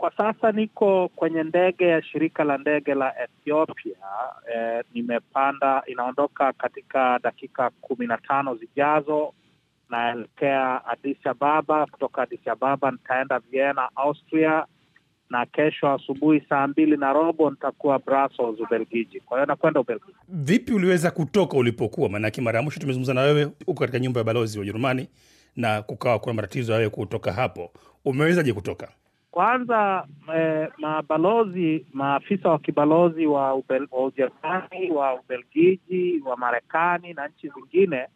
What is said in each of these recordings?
Kwa sasa niko kwenye ndege ya shirika la ndege la Ethiopia. E, nimepanda, inaondoka katika dakika kumi na tano zijazo. Naelekea Addis Ababa, kutoka Addis Ababa nitaenda Vienna, Austria, na kesho asubuhi saa mbili na robo nitakuwa Brussels, Ubelgiji. Kwa hiyo nakwenda Ubelgiji. Vipi uliweza kutoka ulipokuwa? Maanake mara ya mwisho tumezungumza na wewe huko katika nyumba ya balozi wa Ujerumani na kukawa kuna matatizo ya wewe kutoka hapo. Umewezaje kutoka? Kwanza eh, mabalozi maafisa wa kibalozi wa Ujerumani wa Ubelgiji wa Marekani na nchi zingine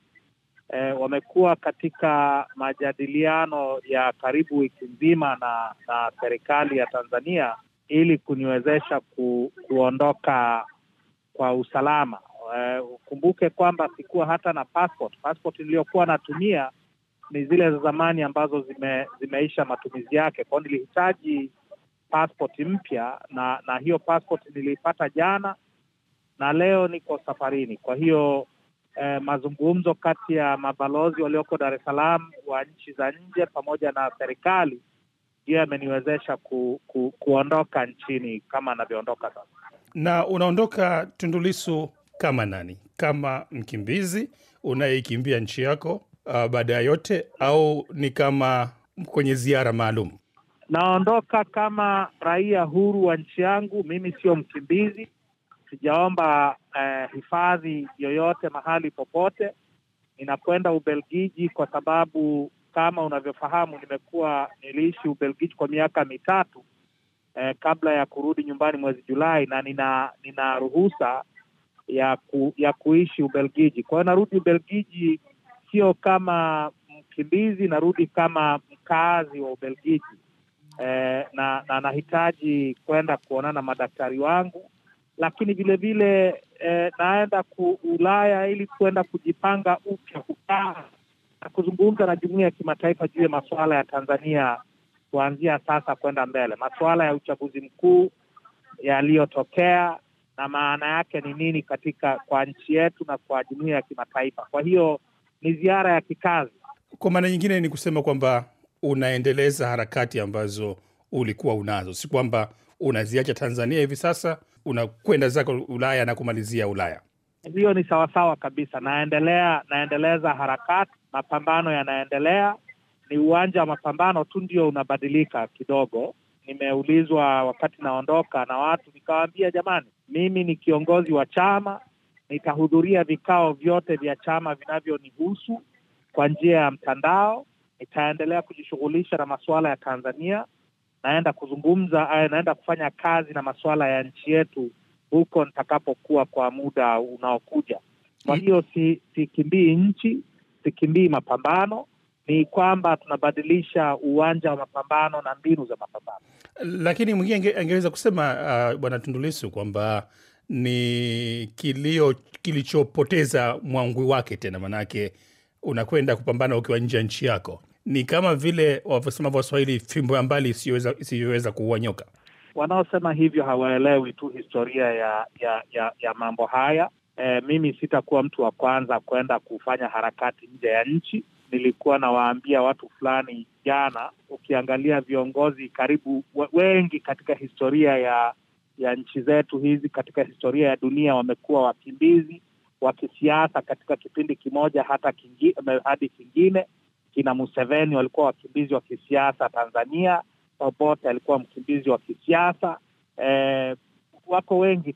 eh, wamekuwa katika majadiliano ya karibu wiki nzima na na serikali ya Tanzania ili kuniwezesha ku, kuondoka kwa usalama. Eh, ukumbuke eh, kwamba sikuwa hata na passport. Passport niliyokuwa natumia ni zile za zamani ambazo zime, zimeisha matumizi yake. Kwao nilihitaji passport mpya, na na hiyo passport niliipata jana na leo niko safarini. Kwa hiyo eh, mazungumzo kati ya mabalozi walioko Dar es Salaam wa nchi za nje pamoja na serikali ndiyo yameniwezesha ku, ku, kuondoka nchini kama anavyoondoka sasa. Na unaondoka Tundulisu kama nani? Kama mkimbizi unayekimbia nchi yako uh, baada ya yote au ni kama kwenye ziara maalum? Naondoka kama raia huru wa nchi yangu. Mimi sio mkimbizi, sijaomba eh, hifadhi yoyote mahali popote. Ninakwenda Ubelgiji kwa sababu kama unavyofahamu, nimekuwa niliishi Ubelgiji kwa miaka mitatu eh, kabla ya kurudi nyumbani mwezi Julai, na nina nina ruhusa ya ku, ya kuishi Ubelgiji. Kwa hiyo narudi Ubelgiji sio kama mkimbizi, narudi kama mkaazi wa Ubelgiji eh, na, na nahitaji kwenda kuonana madaktari wangu, lakini vilevile eh, naenda ku Ulaya ili kuenda kujipanga upya, kukaa na kuzungumza na jumuiya ya kimataifa juu ya masuala ya Tanzania kuanzia sasa kwenda mbele, masuala ya uchaguzi mkuu yaliyotokea na maana yake ni nini katika kwa nchi yetu na kwa jumuiya ya kimataifa. Kwa hiyo ni ziara ya kikazi. Kwa maana nyingine ni kusema kwamba unaendeleza harakati ambazo ulikuwa unazo, si kwamba unaziacha Tanzania hivi sasa unakwenda zako Ulaya na kumalizia Ulaya. Hiyo ni sawasawa kabisa, naendelea naendeleza harakati, mapambano yanaendelea. Ni uwanja wa mapambano tu ndio unabadilika kidogo. Nimeulizwa wakati naondoka na watu, nikawaambia jamani, mimi ni kiongozi wa chama Nitahudhuria vikao vyote vya chama vinavyonihusu kwa njia ya mtandao. Nitaendelea kujishughulisha na masuala ya Tanzania. Naenda kuzungumza, eh, naenda kufanya kazi na masuala ya nchi yetu huko nitakapokuwa kwa muda unaokuja. Kwa hiyo sikimbii nchi, sikimbii mapambano ni kwamba tunabadilisha uwanja wa mapambano na mbinu za mapambano. Lakini mwingine angeweza kusema uh, Bwana Tundulisu kwamba ni kilio kilichopoteza mwangwi wake tena, manake unakwenda kupambana ukiwa nje ya nchi yako. Ni kama vile wavyosema Waswahili, fimbo ya mbali isiyoweza kuua nyoka. Wanaosema hivyo hawaelewi tu historia ya ya ya, ya mambo haya. E, mimi sitakuwa mtu wa kwanza kwenda kufanya harakati nje ya nchi. Nilikuwa nawaambia watu fulani jana, ukiangalia viongozi karibu wengi katika historia ya ya nchi zetu hizi katika historia ya dunia wamekuwa wakimbizi wa kisiasa katika kipindi kimoja hata kingi, hadi kingine. Kina Museveni walikuwa wakimbizi wa kisiasa Tanzania, Obote alikuwa mkimbizi wa kisiasa e, wako wengi